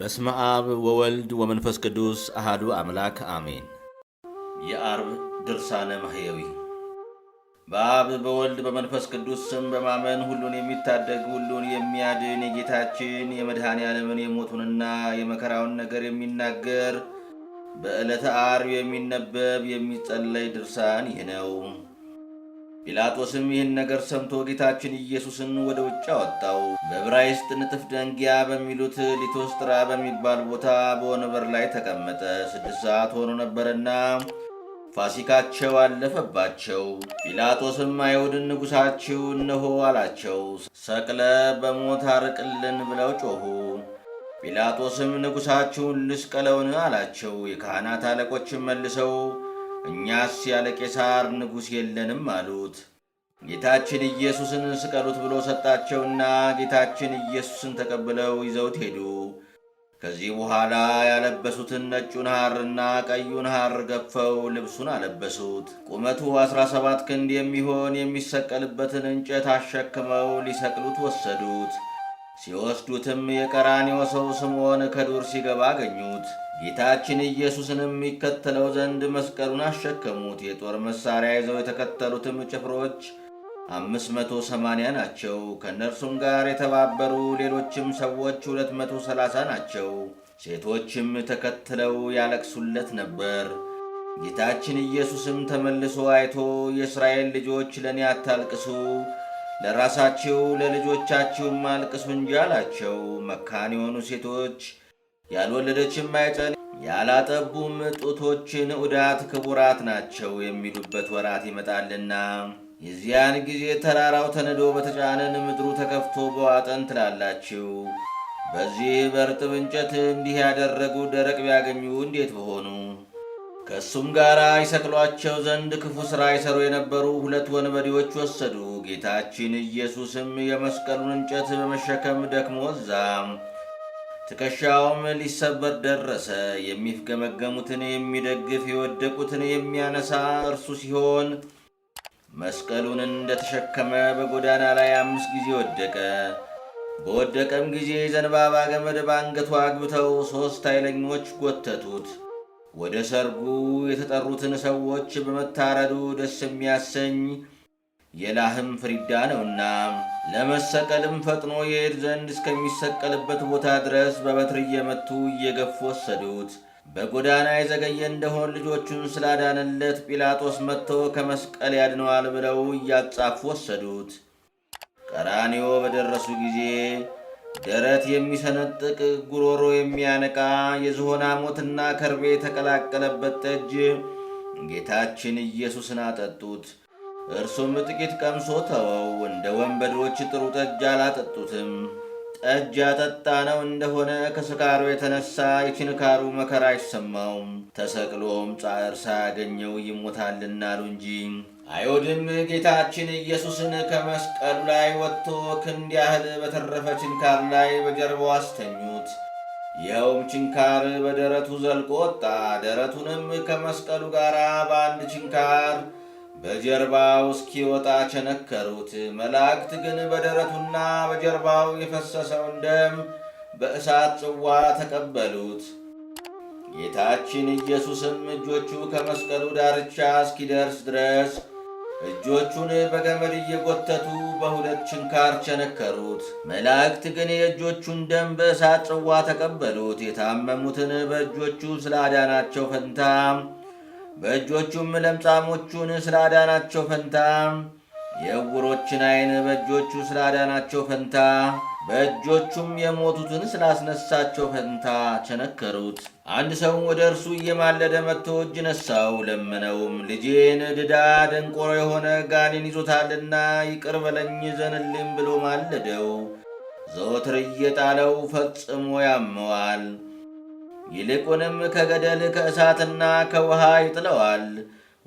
በስመ አብ ወወልድ ወመንፈስ ቅዱስ አሃዱ አምላክ አሜን። የአርብ ድርሳነ ማሕየዊ። በአብ በወልድ በመንፈስ ቅዱስ ስም በማመን ሁሉን የሚታደግ ሁሉን የሚያድን የጌታችን የመድኃኔ ዓለምን የሞቱንና የመከራውን ነገር የሚናገር በዕለተ አርብ የሚነበብ የሚጸለይ ድርሳን ይህ ነው። ጲላጦስም ይህን ነገር ሰምቶ ጌታችን ኢየሱስን ወደ ውጭ አወጣው። በዕብራይስጥ ንጥፍ ደንጊያ በሚሉት ሊቶስጥራ በሚባል ቦታ በወንበር ላይ ተቀመጠ። ስድስት ሰዓት ሆኖ ነበርና ፋሲካቸው አለፈባቸው። ጲላጦስም አይሁድን ንጉሣችሁ እነሆ አላቸው። ሰቅለ በሞት አርቅልን ብለው ጮኹ። ጲላጦስም ንጉሣችሁን ልስቀለውን አላቸው። የካህናት አለቆችም መልሰው እኛስ ያለ ቄሳር ንጉሥ የለንም አሉት። ጌታችን ኢየሱስን ስቀሉት ብሎ ሰጣቸውና ጌታችን ኢየሱስን ተቀብለው ይዘውት ሄዱ። ከዚህ በኋላ ያለበሱትን ነጩን ሐርና ቀዩን ሐር ገፈው ልብሱን አለበሱት። ቁመቱ አሥራ ሰባት ክንድ የሚሆን የሚሰቀልበትን እንጨት አሸክመው ሊሰቅሉት ወሰዱት። ሲወስዱትም የቀራንዮ ሰው ስምዖን ከዱር ሲገባ አገኙት። ጌታችን ኢየሱስንም ይከተለው ዘንድ መስቀሉን አሸከሙት። የጦር መሣሪያ ይዘው የተከተሉትም ጭፍሮች አምስት መቶ ሰማንያ ናቸው። ከእነርሱም ጋር የተባበሩ ሌሎችም ሰዎች ሁለት መቶ ሰላሳ ናቸው። ሴቶችም ተከትለው ያለቅሱለት ነበር። ጌታችን ኢየሱስም ተመልሶ አይቶ የእስራኤል ልጆች ለእኔ አታልቅሱ፣ ለራሳችሁ ለልጆቻችሁም አልቅሱ እንጂ አላቸው። መካን የሆኑ ሴቶች ያልወለደችም አይጨን ያላጠቡም ጡቶችን ዑዳት ክቡራት ናቸው የሚሉበት ወራት ይመጣልና የዚያን ጊዜ ተራራው ተንዶ በተጫነን ምድሩ ተከፍቶ በዋጠን ትላላችው! በዚህ በርጥብ እንጨት እንዲህ ያደረጉ ደረቅ ቢያገኙ እንዴት በሆኑ። ከእሱም ጋር ይሰቅሏቸው ዘንድ ክፉ ሥራ ይሰሩ የነበሩ ሁለት ወንበዴዎች ወሰዱ። ጌታችን ኢየሱስም የመስቀሉን እንጨት በመሸከም ደክሞ እዛም ትከሻውም ሊሰበር ደረሰ። የሚፍገመገሙትን የሚደግፍ የወደቁትን የሚያነሳ እርሱ ሲሆን መስቀሉን እንደተሸከመ በጎዳና ላይ አምስት ጊዜ ወደቀ። በወደቀም ጊዜ ዘንባባ ገመድ በአንገቱ አግብተው ሦስት ኃይለኞች ጎተቱት። ወደ ሰርጉ የተጠሩትን ሰዎች በመታረዱ ደስ የሚያሰኝ የላህም ፍሪዳ ነውና ለመሰቀልም ፈጥኖ የሄድ ዘንድ እስከሚሰቀልበት ቦታ ድረስ በበትር እየመቱ እየገፉ ወሰዱት። በጎዳና የዘገየ እንደሆን ልጆቹን ስላዳነለት ጲላጦስ መጥቶ ከመስቀል ያድነዋል ብለው እያጻፉ ወሰዱት። ቀራንዮ በደረሱ ጊዜ ደረት የሚሰነጥቅ ጉሮሮ የሚያነቃ የዝሆን ሞትና ከርቤ የተቀላቀለበት ጠጅ ጌታችን ኢየሱስን አጠጡት። እርሱም ጥቂት ቀምሶ ተወው። እንደ ወንበዶች ጥሩ ጠጅ አላጠጡትም። ጠጅ ያጠጣ ነው እንደሆነ ከስካሩ የተነሳ የችንካሩ መከራ አይሰማውም። ተሰቅሎም ጻዕር ሳያገኘው ይሞታልና አሉ እንጂ። አይሁድም ጌታችን ኢየሱስን ከመስቀሉ ላይ ወጥቶ ክንድ ያህል በተረፈ ችንካር ላይ በጀርባው አስተኙት። ይኸውም ችንካር በደረቱ ዘልቆ ወጣ። ደረቱንም ከመስቀሉ ጋር በአንድ ችንካር በጀርባው እስኪወጣ ቸነከሩት። መላእክት ግን በደረቱና በጀርባው የፈሰሰውን ደም በእሳት ጽዋ ተቀበሉት። ጌታችን ኢየሱስም እጆቹ ከመስቀሉ ዳርቻ እስኪደርስ ድረስ እጆቹን በገመድ እየጎተቱ በሁለት ችንካር ቸነከሩት። መላእክት ግን የእጆቹን ደም በእሳት ጽዋ ተቀበሉት። የታመሙትን በእጆቹ ስለ አዳናቸው ፈንታም በእጆቹም ለምጻሞቹን ስላዳናቸው ፈንታ የዕውሮችን ዐይን በእጆቹ ስላዳናቸው ፈንታ በእጆቹም የሞቱትን ስላስነሳቸው ፈንታ ቸነከሩት። አንድ ሰውም ወደ እርሱ እየማለደ መጥቶ እጅ ነሳው፣ ለመነውም ልጄን ድዳ ደንቆሮ የሆነ ጋኔን ይዞታልና ይቅር በለኝ ዘንልም ብሎ ማለደው። ዘወትር እየጣለው ፈጽሞ ያመዋል። ይልቁንም ከገደል ከእሳትና ከውሃ ይጥለዋል።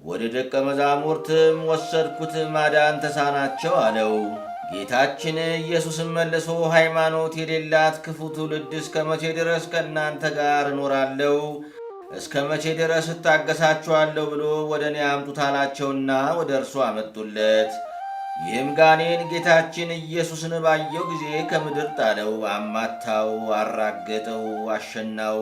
ወደ ደቀ መዛሙርትም ወሰድኩት፣ ማዳን ተሳናቸው አለው። ጌታችን ኢየሱስም መልሶ ሃይማኖት የሌላት ክፉ ትውልድ እስከ መቼ ድረስ ከእናንተ ጋር እኖራለሁ? እስከ መቼ ድረስ እታገሳችኋለሁ? ብሎ ወደ እኔ አምጡት አላቸውና ወደ እርሱ አመጡለት። ይህም ጋኔን ጌታችን ኢየሱስን ባየው ጊዜ ከምድር ጣለው፣ አማታው፣ አራገጠው፣ አሸናው።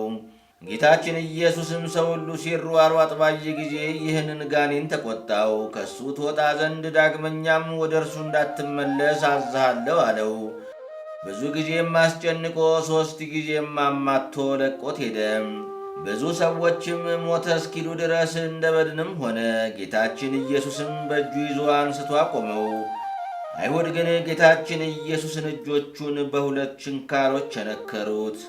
ጌታችን ኢየሱስም ሰው ሁሉ ሲሯሯጥ ባየ ጊዜ ይህንን ጋኔን ተቆጣው። ከእሱ ትወጣ ዘንድ ዳግመኛም ወደ እርሱ እንዳትመለስ አዝሃለሁ አለው። ብዙ ጊዜም አስጨንቆ ሦስት ጊዜም አማቶ ለቆት ሄደም። ብዙ ሰዎችም ሞተ እስኪሉ ድረስ እንደ በድንም ሆነ። ጌታችን ኢየሱስም በእጁ ይዞ አንስቶ አቆመው። አይሁድ ግን ጌታችን ኢየሱስን እጆቹን በሁለት ችንካሮች ቸነከሩት።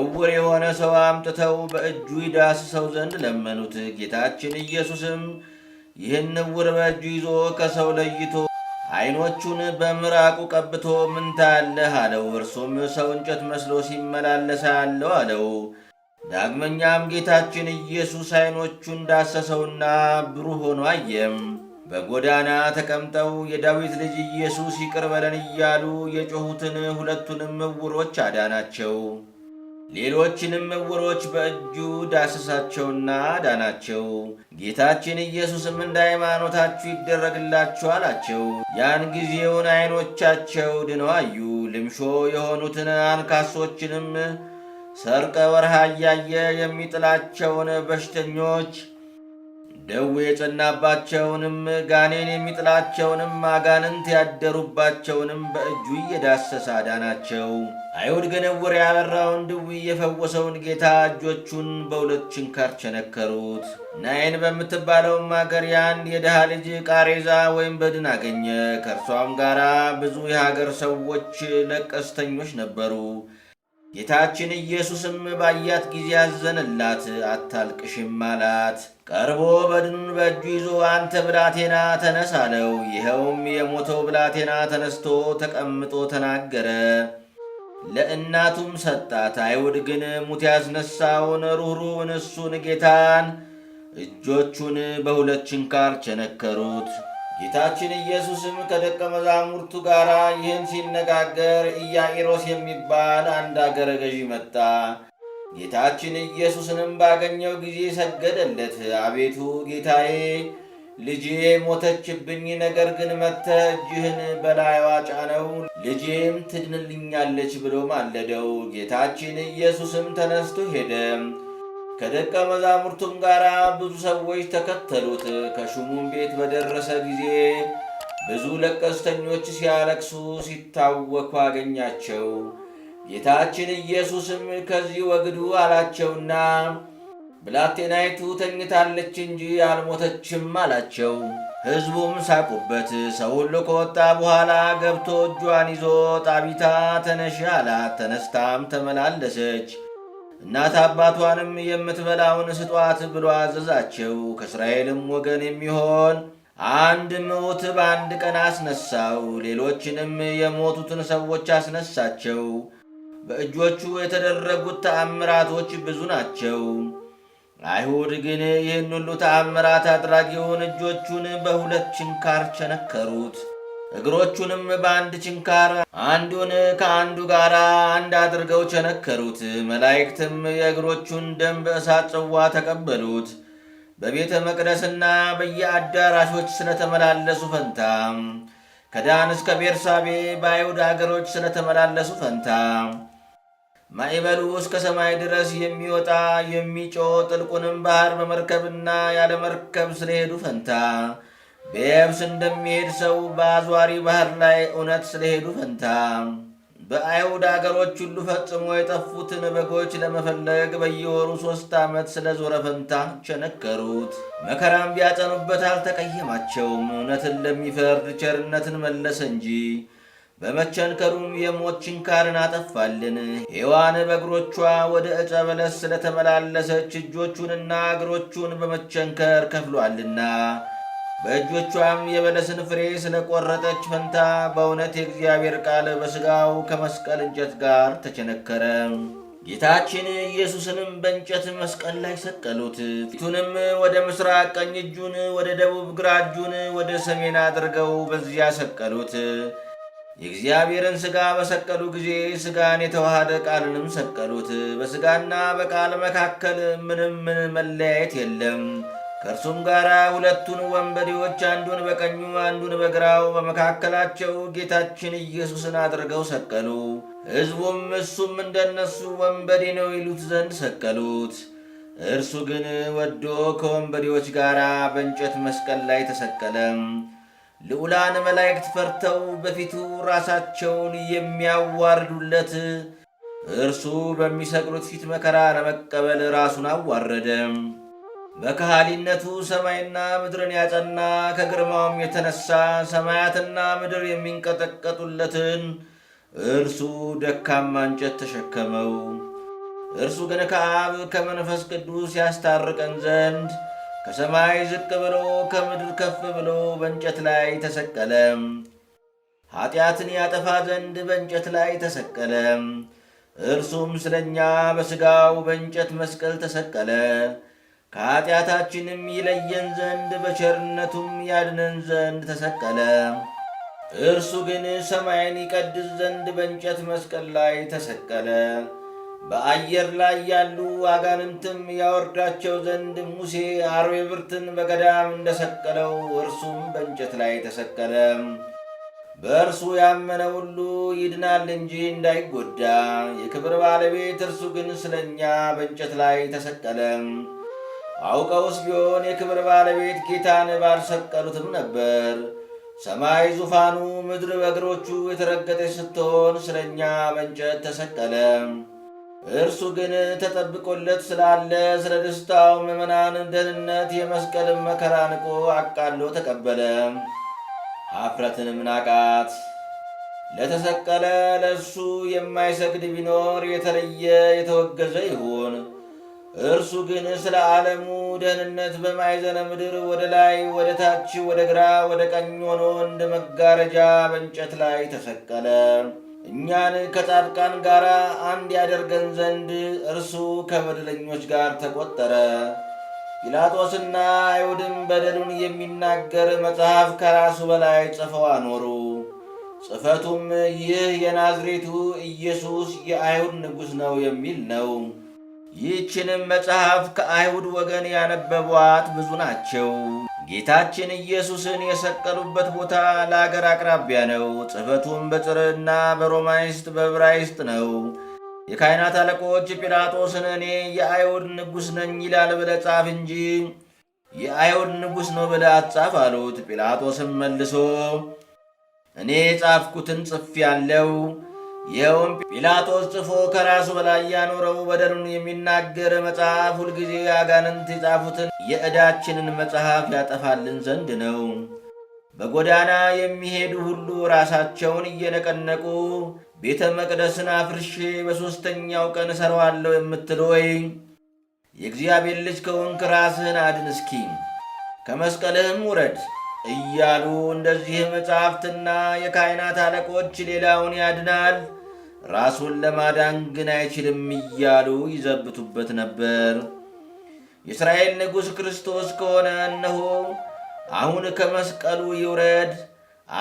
እውር የሆነ ሰው አምጥተው በእጁ ይዳስሰው ዘንድ ለመኑት። ጌታችን ኢየሱስም ይህን እውር በእጁ ይዞ ከሰው ለይቶ ዐይኖቹን በምራቁ ቀብቶ ምን ታለህ አለው። እርሱም ሰው እንጨት መስሎ ሲመላለሳ አለው አለው ዳግመኛም ጌታችን ኢየሱስ ዓይኖቹን ዳሰሰውና ብሩህ ሆኖ አየም። በጎዳና ተቀምጠው የዳዊት ልጅ ኢየሱስ ይቅር በለን እያሉ የጮኹትን ሁለቱንም ዕውሮች አዳናቸው። ሌሎችንም ዕውሮች በእጁ ዳሰሳቸውና አዳናቸው። ጌታችን ኢየሱስም እንደ ሃይማኖታችሁ ይደረግላችሁ አላቸው። ያን ጊዜውን ዐይኖቻቸው ድነው አዩ። ልምሾ የሆኑትን አንካሶችንም ሰርቀ ወርሃ እያየ የሚጥላቸውን በሽተኞች ደዌ የጸናባቸውንም ጋኔን የሚጥላቸውንም አጋንንት ያደሩባቸውንም በእጁ እየዳሰሰ አዳናቸው። አይሁድ ግን ዕውር ያበራውን ድዊ የፈወሰውን ጌታ እጆቹን በሁለት ችንካር ቸነከሩት። ናይን በምትባለውም አገር የአንድ የድሃ ልጅ ቃሬዛ ወይም በድን አገኘ። ከእርሷም ጋራ ብዙ የሀገር ሰዎች ለቀስተኞች ነበሩ። ጌታችን ኢየሱስም ባያት ጊዜ ያዘንላት፣ አታልቅሽም አላት። ቀርቦ በድኑን በእጁ ይዞ አንተ ብላቴና ተነስ አለው። ይኸውም የሞተው ብላቴና ተነስቶ ተቀምጦ ተናገረ። ለእናቱም ሰጣት። አይሁድ ግን ሙት ያስነሳውን ርኅሩኅን እሱን ጌታን እጆቹን በሁለት ችንካር ቸነከሩት። ጌታችን ኢየሱስም ከደቀ መዛሙርቱ ጋር ይህን ሲነጋገር ኢያኢሮስ የሚባል አንድ አገረ ገዢ መጣ። ጌታችን ኢየሱስንም ባገኘው ጊዜ ሰገደለት። አቤቱ ጌታዬ ልጄ ሞተችብኝ፣ ነገር ግን መጥተህ እጅህን በላይዋ ጫነው፣ ልጄም ትድንልኛለች ብሎ ማለደው። ጌታችን ኢየሱስም ተነስቶ ሄደ። ከደቀ መዛሙርቱም ጋር ብዙ ሰዎች ተከተሉት። ከሹሙም ቤት በደረሰ ጊዜ ብዙ ለቀስተኞች ሲያለቅሱ ሲታወኩ አገኛቸው። ጌታችን ኢየሱስም ከዚህ ወግዱ አላቸውና ብላቴናይቱ ተኝታለች እንጂ አልሞተችም አላቸው። ሕዝቡም ሳቁበት። ሰው ሁሉ ከወጣ በኋላ ገብቶ እጇን ይዞ ጣቢታ ተነሽ አላት። ተነስታም ተመላለሰች። እናት አባቷንም የምትበላውን ስጧት ብሎ አዘዛቸው። ከእስራኤልም ወገን የሚሆን አንድ ምውት በአንድ ቀን አስነሳው። ሌሎችንም የሞቱትን ሰዎች አስነሳቸው። በእጆቹ የተደረጉት ተአምራቶች ብዙ ናቸው። አይሁድ ግን ይህን ሁሉ ተአምራት አድራጊውን እጆቹን በሁለት ችንካር ቸነከሩት። እግሮቹንም በአንድ ችንካር አንዱን ከአንዱ ጋር አንድ አድርገው ቸነከሩት። መላእክትም የእግሮቹን ደም በእሳት ጽዋ ተቀበሉት። በቤተ መቅደስና በየአዳራሾች ስለተመላለሱ ፈንታ ከዳን እስከ ቤርሳቤ በአይሁድ አገሮች ስለተመላለሱ ፈንታ ማዕበሉ እስከ ሰማይ ድረስ የሚወጣ የሚጮ ጥልቁንም ባህር በመርከብና ያለ መርከብ ስለሄዱ ፈንታ በየብስ እንደሚሄድ ሰው በአዟሪ ባህር ላይ እውነት ስለሄዱ ፈንታ በአይሁድ አገሮች ሁሉ ፈጽሞ የጠፉትን በጎች ለመፈለግ በየወሩ ሦስት ዓመት ስለ ዞረ ፈንታ ቸነከሩት። መከራም ቢያጸኑበት አልተቀየማቸውም። እውነትን ለሚፈርድ ቸርነትን መለሰ እንጂ በመቸንከሩም የሞት ችንካርን አጠፋልን። ሔዋን በእግሮቿ ወደ ዕፀ በለስ ስለተመላለሰች እጆቹንና እግሮቹን በመቸንከር ከፍሏልና በእጆቿም የበለስን ፍሬ ስለቆረጠች ፈንታ በእውነት የእግዚአብሔር ቃል በሥጋው ከመስቀል እንጨት ጋር ተቸነከረ። ጌታችን ኢየሱስንም በእንጨት መስቀል ላይ ሰቀሉት። ፊቱንም ወደ ምስራቅ ቀኝ እጁን፣ ወደ ደቡብ ግራ እጁን ወደ ሰሜን አድርገው በዚያ ሰቀሉት። የእግዚአብሔርን ሥጋ በሰቀሉ ጊዜ ሥጋን የተዋሃደ ቃልንም ሰቀሉት። በሥጋና በቃል መካከል ምንም ምን መለያየት የለም። ከእርሱም ጋር ሁለቱን ወንበዴዎች አንዱን በቀኙ አንዱን በግራው በመካከላቸው ጌታችን ኢየሱስን አድርገው ሰቀሉ። ሕዝቡም እሱም እንደነሱ ወንበዴ ነው ይሉት ዘንድ ሰቀሉት። እርሱ ግን ወዶ ከወንበዴዎች ጋር በእንጨት መስቀል ላይ ተሰቀለም። ልዑላን መላእክት ፈርተው በፊቱ ራሳቸውን የሚያዋርዱለት እርሱ በሚሰቅሉት ፊት መከራ ለመቀበል ራሱን አዋረደም። በከሃሊነቱ ሰማይና ምድርን ያጸና ከግርማውም የተነሳ ሰማያትና ምድር የሚንቀጠቀጡለትን እርሱ ደካማ እንጨት ተሸከመው። እርሱ ግን ከአብ ከመንፈስ ቅዱስ ያስታርቀን ዘንድ ከሰማይ ዝቅ ብሎ ከምድር ከፍ ብሎ በእንጨት ላይ ተሰቀለ። ኀጢአትን ያጠፋ ዘንድ በእንጨት ላይ ተሰቀለ። እርሱም ስለ እኛ በሥጋው በእንጨት መስቀል ተሰቀለ። ከኃጢአታችንም ይለየን ዘንድ በቸርነቱም ያድነን ዘንድ ተሰቀለ። እርሱ ግን ሰማይን ይቀድስ ዘንድ በእንጨት መስቀል ላይ ተሰቀለ። በአየር ላይ ያሉ አጋንንትም ያወርዳቸው ዘንድ ሙሴ አርዌ ብርትን በገዳም እንደሰቀለው እርሱም በእንጨት ላይ ተሰቀለ። በእርሱ ያመነ ሁሉ ይድናል እንጂ እንዳይጎዳ። የክብር ባለቤት እርሱ ግን ስለ እኛ በእንጨት ላይ ተሰቀለ። አውቀውስ ቢሆን የክብር ባለቤት ጌታን ባልሰቀሉትም ነበር። ሰማይ ዙፋኑ፣ ምድር በእግሮቹ የተረገጠች ስትሆን ስለ እኛ በእንጨት ተሰቀለ። እርሱ ግን ተጠብቆለት ስላለ ስለ ደስታው ምዕመናን ደህንነት የመስቀልን መከራ ንቆ አቃሎ ተቀበለ። ኀፍረትንም ናቃት። ለተሰቀለ ለእሱ የማይሰግድ ቢኖር የተለየ የተወገዘ ይሁን። እርሱ ግን ስለ ዓለሙ ደህንነት በማዕዘነ ምድር ወደ ላይ ወደ ታች ወደ ግራ ወደ ቀኝ ሆኖ እንደ መጋረጃ በእንጨት ላይ ተሰቀለ። እኛን ከጻድቃን ጋር አንድ ያደርገን ዘንድ እርሱ ከበደለኞች ጋር ተቆጠረ። ጲላጦስና አይሁድም በደሉን የሚናገር መጽሐፍ ከራሱ በላይ ጽፈው አኖሩ። ጽሕፈቱም ይህ የናዝሬቱ ኢየሱስ የአይሁድ ንጉሥ ነው የሚል ነው። ይህችንም መጽሐፍ ከአይሁድ ወገን ያነበቧት ብዙ ናቸው። ጌታችን ኢየሱስን የሰቀሉበት ቦታ ለአገር አቅራቢያ ነው። ጽሕፈቱም በጽርና በሮማይስጥ በዕብራይስጥ ነው። የካህናት አለቆች ጲላጦስን እኔ የአይሁድ ንጉሥ ነኝ ይላል ብለ ጻፍ እንጂ የአይሁድ ንጉሥ ነው ብለ አትጻፍ አሉት። ጲላጦስም መልሶ እኔ ጻፍኩትን ጽፌአለሁ ይኸውም ጲላጦስ ጽፎ ከራሱ በላይ ያኖረው በደሉን የሚናገር መጽሐፍ ሁልጊዜ አጋንንት የጻፉትን የዕዳችንን መጽሐፍ ያጠፋልን ዘንድ ነው። በጎዳና የሚሄዱ ሁሉ ራሳቸውን እየነቀነቁ ቤተ መቅደስን አፍርሼ በሦስተኛው ቀን እሠራዋለሁ የምትል ወይ የእግዚአብሔር ልጅ ከሆንክ ራስህን አድን እስኪ ከመስቀልህም ውረድ። እያሉ እንደዚህ መጻሕፍትና የካህናት አለቆች ሌላውን ያድናል ራሱን ለማዳን ግን አይችልም እያሉ ይዘብቱበት ነበር። የእስራኤል ንጉሥ ክርስቶስ ከሆነ እነሆ አሁን ከመስቀሉ ይውረድ፣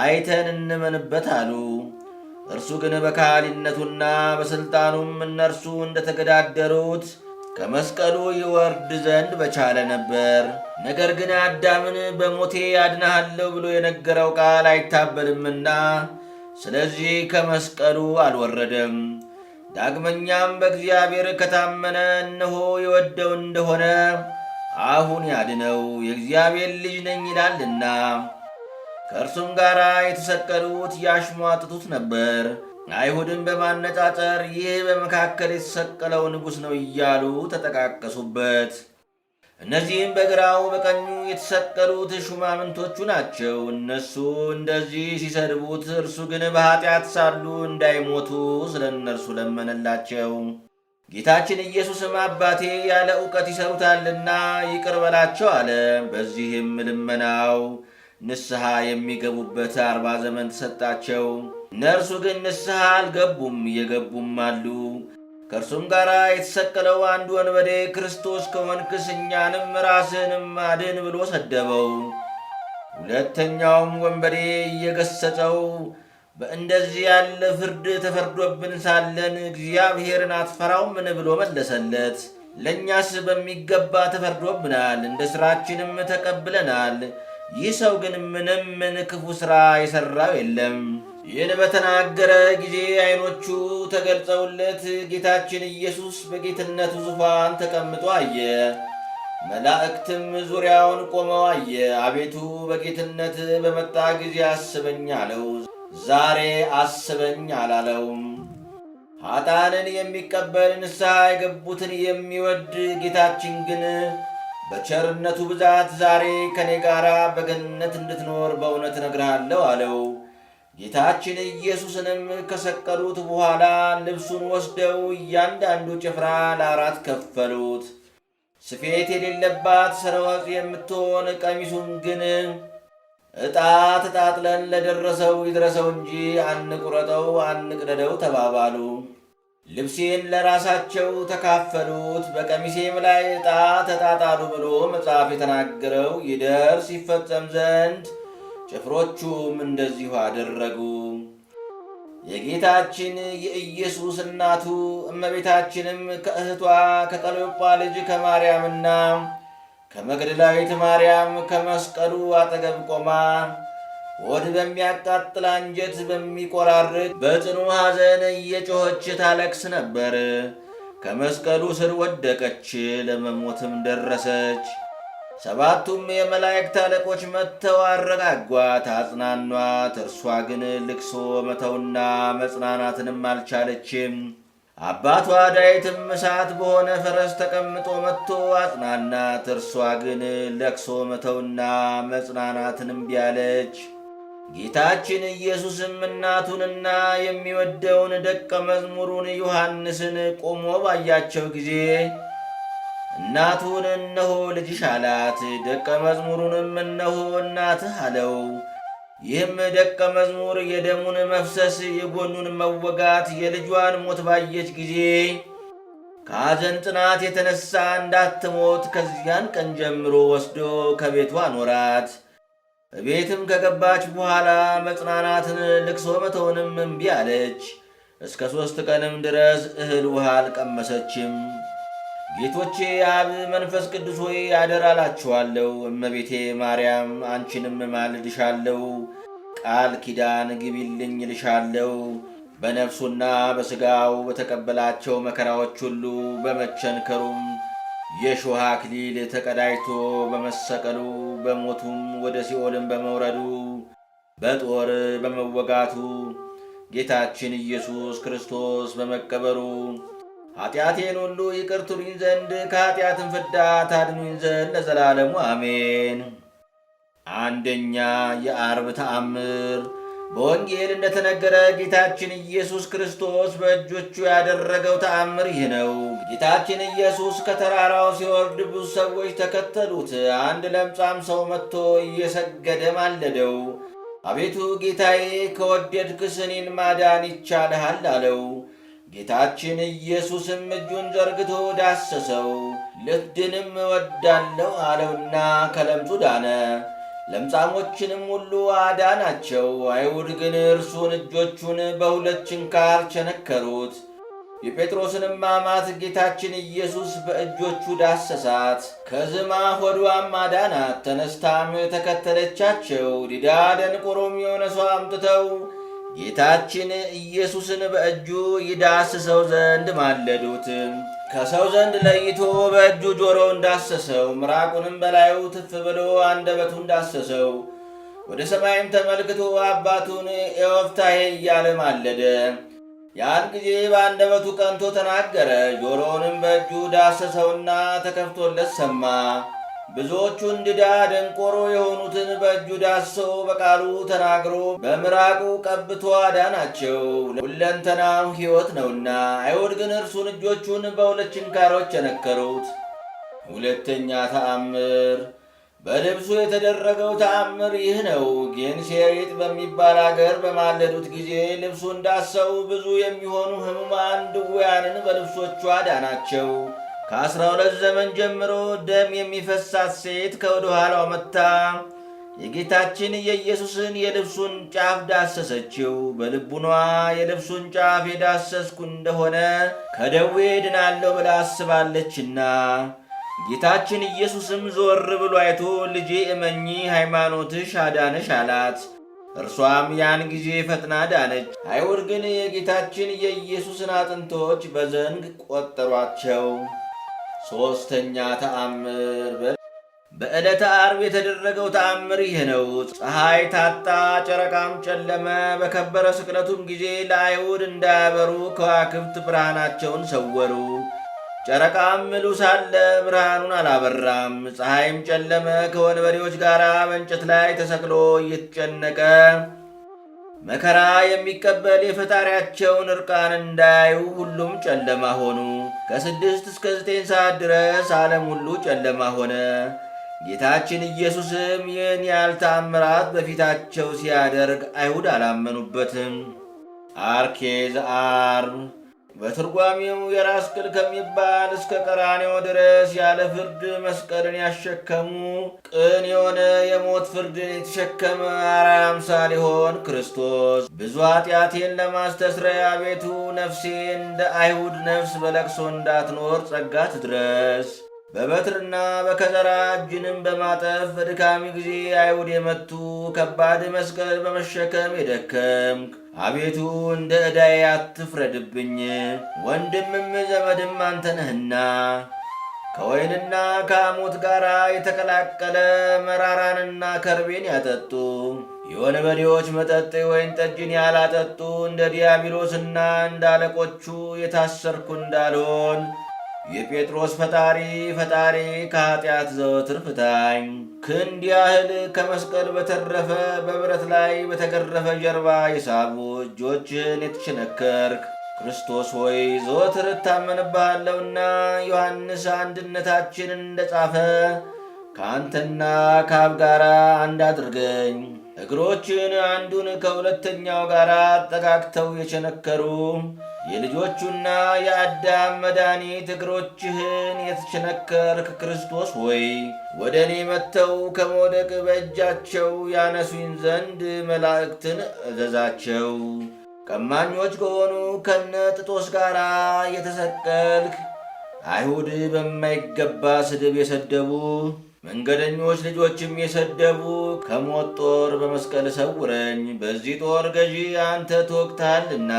አይተን እንመንበት አሉ። እርሱ ግን በካህሊነቱና በሥልጣኑም እነርሱ እንደተገዳደሩት ከመስቀሉ ይወርድ ዘንድ በቻለ ነበር። ነገር ግን አዳምን በሞቴ አድናሃለሁ ብሎ የነገረው ቃል አይታበልምና ስለዚህ ከመስቀሉ አልወረደም። ዳግመኛም በእግዚአብሔር ከታመነ እነሆ የወደው እንደሆነ አሁን ያድነው የእግዚአብሔር ልጅ ነኝ ይላልና ከእርሱም ጋር የተሰቀሉት ያሽሟጥጡት ነበር። አይሁድን በማነጫጨር ይህ በመካከል የተሰቀለው ንጉሥ ነው እያሉ ተጠቃቀሱበት። እነዚህም በግራው በቀኙ የተሰቀሉት ሹማምንቶቹ ናቸው። እነሱ እንደዚህ ሲሰድቡት፣ እርሱ ግን በኃጢአት ሳሉ እንዳይሞቱ ስለ እነርሱ ለመነላቸው። ጌታችን ኢየሱስም አባቴ ያለ ዕውቀት ይሰሩታልና ይቅር በላቸው አለ። በዚህም ልመናው ንስሐ የሚገቡበት አርባ ዘመን ተሰጣቸው። እነርሱ ግን ንስሐ አልገቡም፣ እየገቡም አሉ። ከእርሱም ጋር የተሰቀለው አንድ ወንበዴ ክርስቶስ ከሆንክስ እኛንም ራስህንም አድን ብሎ ሰደበው። ሁለተኛውም ወንበዴ እየገሰጸው በእንደዚህ ያለ ፍርድ ተፈርዶብን ሳለን እግዚአብሔርን አትፈራውምን ብሎ መለሰለት። ለእኛስ በሚገባ ተፈርዶብናል፣ እንደ ሥራችንም ተቀብለናል። ይህ ሰው ግን ምንም ምን ክፉ ሥራ የሠራው የለም። ይህን በተናገረ ጊዜ ዐይኖቹ ተገልጸውለት ጌታችን ኢየሱስ በጌትነቱ ዙፋን ተቀምጦ አየ። መላእክትም ዙሪያውን ቆመው አየ። አቤቱ በጌትነት በመጣ ጊዜ አስበኝ አለው። ዛሬ አስበኝ አላለውም። ኃጣንን የሚቀበል ንስሐ የገቡትን የሚወድ ጌታችን ግን በቸርነቱ ብዛት ዛሬ ከእኔ ጋር በገነት እንድትኖር በእውነት እነግርሃለሁ አለው። ጌታችን ኢየሱስንም ከሰቀሉት በኋላ ልብሱን ወስደው እያንዳንዱ ጭፍራ ለአራት ከፈሉት። ስፌት የሌለባት ሰረወቅ የምትሆን ቀሚሱን ግን ዕጣ ተጣጥለን ለደረሰው ይድረሰው እንጂ አንቁረጠው፣ አንቅደደው ተባባሉ። ልብሴን ለራሳቸው ተካፈሉት፣ በቀሚሴም ላይ ዕጣ ተጣጣሉ ብሎ መጽሐፍ የተናገረው ይደርስ ይፈጸም ዘንድ ጭፍሮቹም እንደዚሁ አደረጉ። የጌታችን የኢየሱስ እናቱ እመቤታችንም ከእህቷ ከቀለዮጳ ልጅ ከማርያምና ከመግደላዊት ማርያም ከመስቀሉ አጠገብ ቆማ ሆድ በሚያቃጥል አንጀት በሚቆራርጥ በጽኑ ሐዘን እየጮኸች ታለቅስ ነበር። ከመስቀሉ ስር ወደቀች፣ ለመሞትም ደረሰች። ሰባቱም የመላእክት አለቆች መጥተው አረጋጓት፣ አጽናኗት። እርሷ ግን ልቅሶ መተውና መጽናናትንም አልቻለችም። አባቷ ዳዊትም እሳት በሆነ ፈረስ ተቀምጦ መጥቶ አጽናናት። እርሷ ግን ለቅሶ መተውና መጽናናትን እምቢ አለች። ጌታችን ኢየሱስም እናቱንና የሚወደውን ደቀ መዝሙሩን ዮሐንስን ቆሞ ባያቸው ጊዜ እናቱን እነሆ ልጅሽ አላት። ደቀ መዝሙሩንም እነሆ እናትህ አለው። ይህም ደቀ መዝሙር የደሙን መፍሰስ የጎኑን መወጋት የልጇን ሞት ባየች ጊዜ ከሐዘን ጥናት የተነሳ እንዳትሞት ከዚያን ቀን ጀምሮ ወስዶ ከቤቱ አኖራት። ቤትም ከገባች በኋላ መጽናናትን ልቅሶ መተውንም እምቢ አለች። እስከ ሦስት ቀንም ድረስ እህል ውሃ አልቀመሰችም። ጌቶቼ አብ መንፈስ ቅዱስ ሆይ አደራ እመቤቴ ማርያም አንቺንም ማልድሻለሁ፣ ቃል ኪዳን ግቢልኝ ልሻለሁ። በነፍሱና በሥጋው በተቀበላቸው መከራዎች ሁሉ በመቸንከሩም የሾህ አክሊል ተቀዳጅቶ በመሰቀሉ በሞቱም ወደ ሲኦልም በመውረዱ በጦር በመወጋቱ ጌታችን ኢየሱስ ክርስቶስ በመቀበሩ ኃጢአቴን ሁሉ ይቅር ትሉኝ ዘንድ ከኃጢአትን ፍዳ ታድኑኝ ዘንድ ለዘላለሙ አሜን። አንደኛ የአርብ ተአምር በወንጌል እንደተነገረ ጌታችን ኢየሱስ ክርስቶስ በእጆቹ ያደረገው ተአምር ይህ ነው። ጌታችን ኢየሱስ ከተራራው ሲወርድ ብዙ ሰዎች ተከተሉት። አንድ ለምጻም ሰው መጥቶ እየሰገደ ማለደው። አቤቱ ጌታዬ፣ ከወደድክስ እኔን ማዳን ይቻልሃል አለው። ጌታችን ኢየሱስም እጁን ዘርግቶ ዳሰሰው፣ ልትድንም እወዳለሁ አለውና ከለምጹ ዳነ። ለምጻሞችንም ሁሉ አዳናቸው። አይሁድ ግን እርሱን እጆቹን በሁለት ችንካር ቸነከሩት። የጴጥሮስንም አማት ጌታችን ኢየሱስ በእጆቹ ዳሰሳት፣ ከዝማ ሆዷም አዳናት። ተነስታም ተከተለቻቸው። ዲዳ ደንቆሮም የሆነ ሰው አምጥተው ጌታችን ኢየሱስን በእጁ ይዳስሰው ዘንድ ማለዱት። ከሰው ዘንድ ለይቶ በእጁ ጆሮ እንዳሰሰው፣ ምራቁንም በላዩ ትፍ ብሎ አንደበቱ እንዳሰሰው፣ ወደ ሰማይም ተመልክቶ አባቱን ኤወፍታሄ እያለ ማለደ። ያን ጊዜ በአንደበቱ ቀንቶ ተናገረ። ጆሮውንም በእጁ ዳሰሰውና ተከፍቶለት ሰማ። ብዙዎቹ እንድዳ ደንቆሮ የሆኑትን በእጁ ዳሰው በቃሉ ተናግሮ በምራቁ ቀብቶ አዳናቸው። ሁለንተናም ሕይወት ነውና። አይሁድ ግን እርሱን እጆቹን በሁለት ችንካሮች የነከሩት። ሁለተኛ ተአምር በልብሱ የተደረገው ተአምር ይህ ነው። ጌንሴሪጥ በሚባል አገር በማለዱት ጊዜ ልብሱ እንዳሰው ብዙ የሚሆኑ ሕሙማን ድውያንን በልብሶቿ ዳናቸው። ከአስራ ሁለት ዘመን ጀምሮ ደም የሚፈሳት ሴት ከወደ ኋላው መጥታ የጌታችን የኢየሱስን የልብሱን ጫፍ ዳሰሰችው። በልቡኗ የልብሱን ጫፍ የዳሰስኩ እንደሆነ ከደዌ ድናለሁ ብላ አስባለችና ጌታችን ኢየሱስም ዞር ብሎ አይቶ ልጄ እመኚ፣ ሃይማኖትሽ አዳነሽ አላት። እርሷም ያን ጊዜ ፈጥና ዳነች። አይሁድ ግን የጌታችን የኢየሱስን አጥንቶች በዘንግ ቆጠሯቸው። ሦስተኛ ተአምር በዕለተ ዓርብ የተደረገው ተአምር ይህ ነው። ፀሐይ ታጣ፣ ጨረቃም ጨለመ። በከበረ ስቅለቱም ጊዜ ለአይሁድ እንዳያበሩ ከዋክብት ብርሃናቸውን ሰወሩ። ጨረቃም ምሉ ሳለ ብርሃኑን አላበራም። ፀሐይም ጨለመ። ከወንበዴዎች ጋር በእንጨት ላይ ተሰቅሎ እየተጨነቀ መከራ የሚቀበል የፈጣሪያቸውን እርቃን እንዳያዩ ሁሉም ጨለማ ሆኑ። ከስድስት እስከ ዘጠኝ ሰዓት ድረስ ዓለም ሁሉ ጨለማ ሆነ። ጌታችን ኢየሱስም ይህን ያህል ታምራት በፊታቸው ሲያደርግ አይሁድ አላመኑበትም። አርኬዝ በትርጓሚው የራስ ቅል ከሚባል እስከ ቀራኔው ድረስ ያለ ፍርድ መስቀልን ያሸከሙ ቅን የሆነ የሞት ፍርድን የተሸከመ አርአያ አምሳል ሊሆን ክርስቶስ ብዙ ኃጢአቴን ለማስተስረያ ቤቱ ነፍሴ እንደ አይሁድ ነፍስ በለቅሶ እንዳትኖር ጸጋት ድረስ። በበትርና በከዘራ እጅንም በማጠፍ በድካሚ ጊዜ አይሁድ የመቱ ከባድ መስቀል በመሸከም የደከምክ አቤቱ እንደ ዕዳዬ አትፍረድብኝ፣ ወንድምም ዘመድም አንተ ነህና ከወይንና ከሐሞት ጋር የተቀላቀለ መራራንና ከርቤን ያጠጡ የወንበዴዎች መጠጥ የወይን ጠጅን ያላጠጡ እንደ ዲያብሎስና እንደ አለቆቹ የታሰርኩ እንዳልሆን የጴጥሮስ ፈጣሪ ፈጣሪ ከኃጢአት ዘወትር ፍታኝ ክንድ ያህል ከመስቀል በተረፈ በብረት ላይ በተገረፈ ጀርባ የሳቡ እጆችን የተሸነከርክ! ክርስቶስ ሆይ ዘወትር እታመንብሃለሁና ዮሐንስ አንድነታችን እንደጻፈ ከአንተና ከአብ ጋር አንድ አድርገኝ። እግሮችን አንዱን ከሁለተኛው ጋር አጠጋግተው የቸነከሩ የልጆቹና የአዳም መድኃኒት እግሮችህን የተቸነከርክ ክርስቶስ ሆይ ወደ እኔ መጥተው ከመውደቅ በእጃቸው ያነሱኝ ዘንድ መላእክትን እዘዛቸው። ቀማኞች ከሆኑ ከነ ጥጦስ ጋር የተሰቀልክ አይሁድ በማይገባ ስድብ የሰደቡ መንገደኞች ልጆችም የሰደቡ ከሞት ጦር በመስቀል ሰውረኝ፣ በዚህ ጦር ገዢ አንተ ትወቅታልና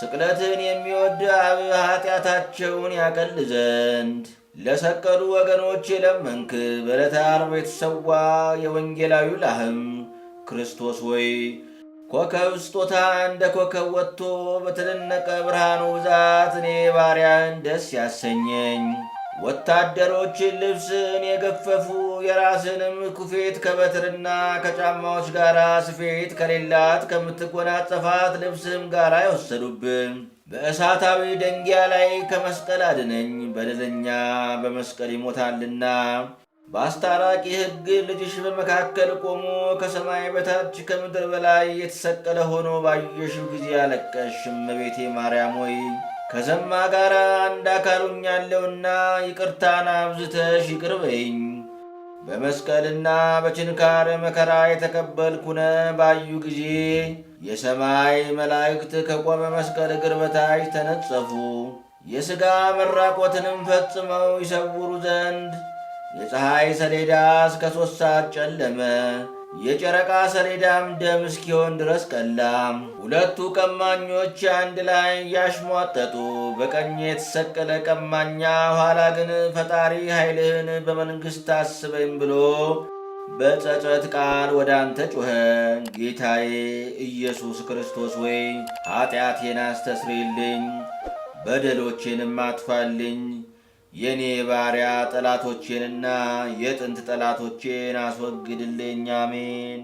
ስቅለትን የሚወድ አብ ኃጢአታቸውን ያቀል ዘንድ ለሰቀሉ ወገኖች የለመንክ በዕለተ ዓርብ የተሰዋ የወንጌላዊ ላህም ክርስቶስ ወይ ኮከብ ስጦታ እንደ ኮከብ ወጥቶ በተደነቀ ብርሃኑ ብዛት እኔ ባሪያን ደስ ያሰኘኝ ወታደሮችን ልብስን የገፈፉ የራስህንም ኩፌት ከበትርና ከጫማዎች ጋር ስፌት ከሌላት ከምትጎናጸፋት ልብስህም ጋር የወሰዱብን። በእሳታዊ ደንጊያ ላይ ከመስቀል አድነኝ፣ በደለኛ በመስቀል ይሞታልና። በአስታራቂ ሕግ ልጅሽ በመካከል ቆሞ ከሰማይ በታች ከምድር በላይ የተሰቀለ ሆኖ ባየሽው ጊዜ አለቀሽ። እመቤቴ ማርያም ሆይ ከዘማ ጋር አንድ አካሉኛለውና ይቅርታን አብዝተሽ ይቅር በመስቀልና በችንካር መከራ የተቀበልኩነ ባዩ ጊዜ የሰማይ መላእክት ከቆመ መስቀል እግር በታች ተነጸፉ። የሥጋ መራቆትንም ፈጽመው ይሰውሩ ዘንድ የፀሐይ ሰሌዳ እስከ ሦስት ሰዓት ጨለመ። የጨረቃ ሰሌዳም ደም እስኪሆን ድረስ ቀላም። ሁለቱ ቀማኞች አንድ ላይ ያሽሟጠጡ፣ በቀኝ የተሰቀለ ቀማኛ ኋላ ግን ፈጣሪ ኃይልህን በመንግሥት አስበኝ ብሎ በጸጸት ቃል ወደ አንተ ጩኸ። ጌታዬ ኢየሱስ ክርስቶስ ወይ ኀጢአቴን አስተስርይልኝ፣ በደሎቼንም አጥፋልኝ የኔ ባሪያ ጠላቶቼንና የጥንት ጠላቶቼን አስወግድልኝ። አሜን።